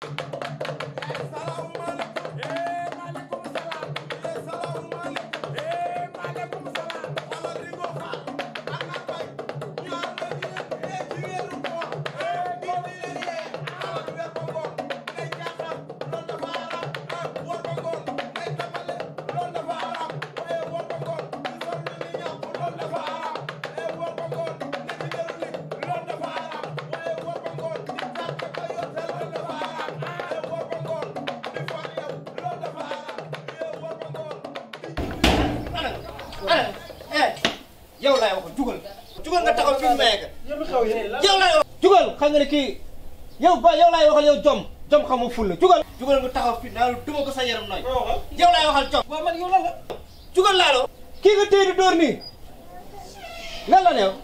Thank you ana eh, eh yow laay waxoon jugal. jugal nga taxaw fi mu maye ka. yow laay wax jugal xam nga kii yow ba yow laay waxal yow jom jom xamu ful la jugal. jugal nga taxaw fi daal duma ko sa yaram nooy. yow laay waxal jom. waaw la. jugal laa la. kii nga téye di dóor nii la ne yow.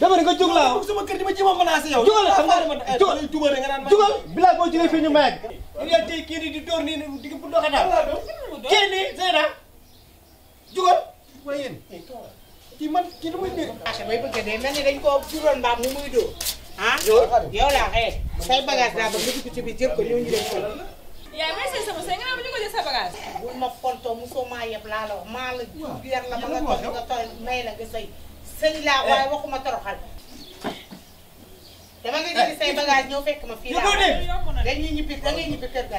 dama ne jug laa sama ma a menacé yow. jugal xam eh, jugal jugal bilaa boo jëlee fii ñu maye. yow yaa téye di dóor nii di bu doxee kii nii yéen kii man kii lu muy dégg. a dee mel ni dañ koo juróon mbaam mu muy dóor ah yow laa xëy say bagage daa ba nga dugg ci biir jël ko ñëw ñu dem ko. yaay may say sama say nga naan bu ñu ko jël sa bagage. bu ma fontoo mosoo maa yeb laa la wax maa la yar la ma nga toog nga toog may la nga sëy sëy laa waaye waxuma toroxal. dama nga jël say bagage ñëw fekk ma fii laa dañuy ñibbi da ngay ñibbi kër ga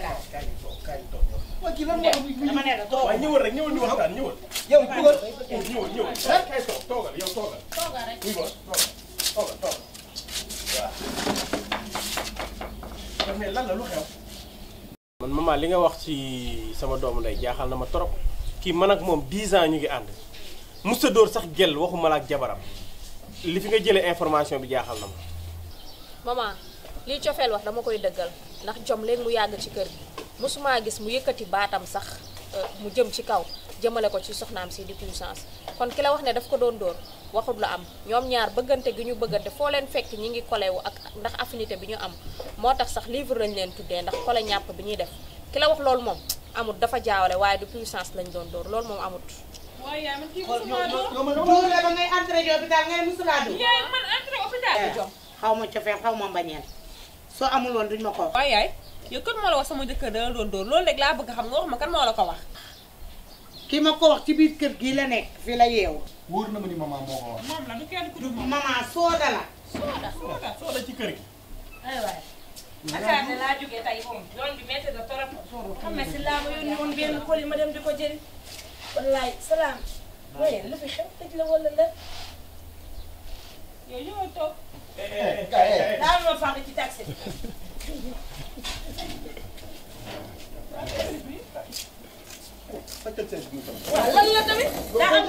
waaw kii lan moo doon li nga wax ci sama doom ndey jaaxal na ma trop kii man ak moom 10 ans ñu ngi ànd musa dóor sax gel waxumal ak jabaram li fi nga jëlee information bi jaaxal na ma. maman li cofeel wax dama koy dëggal ndax jom léegi mu yàgg ci kër gi. musuma gis mu yëkëti batam sax euh, mu jëm ci kaw jëmale ko ci soxnam ci di puissance kon ki la wax ne daf ko doon door waxul la am ñom ñaar bëggante gi ñu bëggante fo leen fekk ñi ngi wu ak ndax affinité bi ñu am motax sax livre lañ leen tuddé ndax kole ñàpp bi ñi def ki la wax lool mom amut dafa jaawale waye du puissance lañ doon door lool mom amut waaye yaa man kii musuma dóor dóor la ba ngay entré ji hôpital ngay musula dóor yaay man entré hôpital eh, xaw ma cofee xaw ma mbañeel soo amul woon duñ ma ko waaye yaay yow kan moo la wax sama jëkkër dala doon dóor loolu rek laa bëgg xam nga wax ma kan moo la ko wax. ki ma ko wax ci biir kër gii la nekk fi la yeewu. wóor na ma ni maman moo ko wax. moom la du kenn ku dul moom. maman sooda la. sooda sooda sooda ci kër gi. aywa. Akaane laa jógee tey moom yoon bi métti na trop. xam nga si laa ma yónni woon benn kóol yi ma dem di ko jëli. wallaay salaam. waaye lu fi xew tëj la wala la. yow ñoo toog. daa ma fàq ci taxi bi.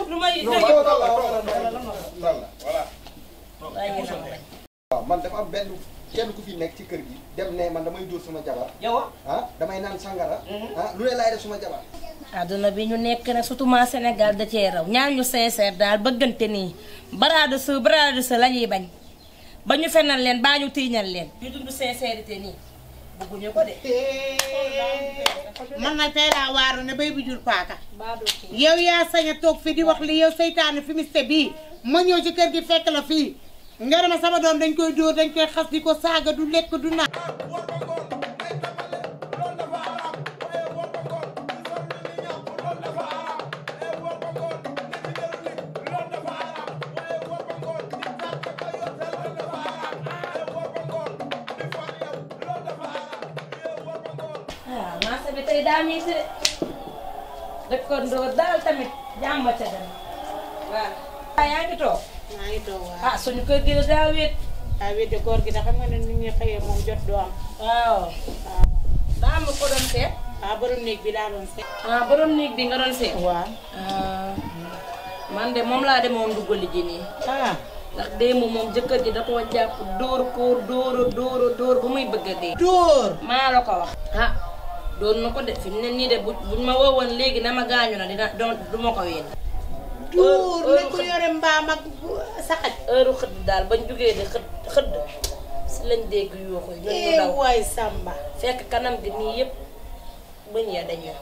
lu may. waaw man dafa am benn kenn ku fi nekk ci kër gi dem ne man damay du suma jabar. yow ah? Ah, damay naan sangara. Mhm. ah lu ne laay def sama jabar. àdduna bi ñu nekk na surtout ma Sénégal da cee raw ñaar ñu sincère daal bëggante nii baraadu sa baraadu la ñuy bañ ba ñu fenal leen baa ñu tiiñal leen. ñu dund sincérité nii. bëgguñu ko de. man nag tey laa waaru ne béy bu jur paaka. yow yaa sañ a toog fii di wax li yow seytaane fi miste bii ma ñëw ci kër gi fekk la fii nga dama sama doom dañ koy dóor dañ koy xas di ko saaga du lekk du naan. Ah, tey daa métti de dëkkandoo daal tamit jàmbate dana waaw. waaw ah, yaa ngi toog. Ah, suñu kër gi la daa koor gi da xam na ne ni ñuy xëyee moom jot du am. waaw. waaw daa am ko doon seet. ah borom néeg bi daa doon seet. Ah, néeg bi nga doon seet. waaw. man de moom laa demoon duggali ji nii. ah. ndax démb moom jëkkër ji da koo jàpp dóor kóor dóor dóor dóor bu muy bëgg a dee. dóor maa la ko wax. ah. don ma def fi mu ne nii de buñ ma wowon legi na ma gaañu na dina du moko ko dur ne ko yore mbam ak saxat euro xëdd dal bañ jógee de xëdd xëdd si lañ dégg yu ñu ñu eh, daw way Samba fekk kanam gi nii yëpp bañ ya dañu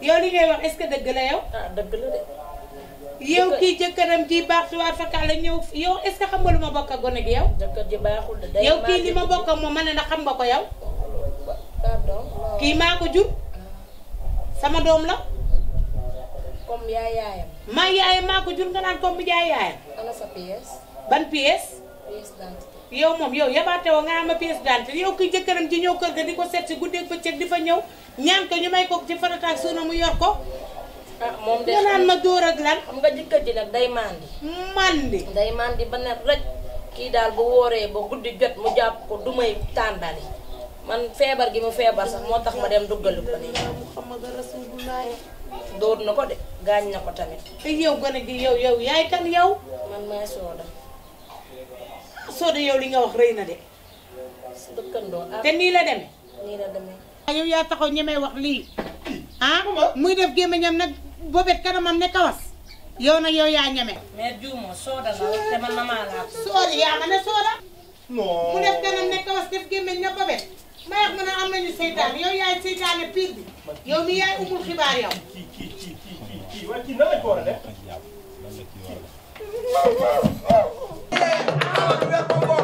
yow li ngay wax est-ce que dëgg la yow ah deug la de yow kii jëkkëram ji baax ci wa faka la ñew yow est-ce que xam nga luma bokk ak gone gi yow jëkkër ji baaxul de yow ki li ma bokk mo moom na xam nga ko yow kii maa ko jur sama doom la. comme yaay yaayam. maa yaayam maa ko jur nga naan comme yaay yaayam. ban pièce. pièce d'identité. yow moom yow yabaate woo nga xam ne pièce d'identité yow ki jëkkëram ji ñëw kër ga di ko seet si guddeeg bëccëg di fa ñëw ñaan ko ñu may ko ci farataag suuna mu yor ko. Ah, moom de nga naan ma dóor ak lan. xam nga jëkkër ji nag day mandi. mandi. day mandi ba ne rek kii daal bu wooree ba guddi jot mu jàpp ko du tàndali. man feebar gi mu feebar sax moo tax ma dem duggali ko nii. Muhammadu Rasulullah. dóor na ko de gaañ na ko tamit. te yow ba gi yow yow yaay kan yow. man maay Sooda. Sooda yow li nga wax rëy na de. dëkkandoo ah. te nii la demee. nii la ah, yaa taxaw ñemee wax lii. ah muy def gémmiñam nag bobet kanamam ne kawas. yow nag yow yaa ñeme. Sooda la man na maa laal. Sooda yaa ma ne Sooda. non mu def kanam ne kawas def gémmiñ na bobet. may wax mu ne am nañu seytaane yow yaay seytaane pire bi yow mi yaay umul xibaar yow. kii kii kii kii kii waaye kii nan lañ ko a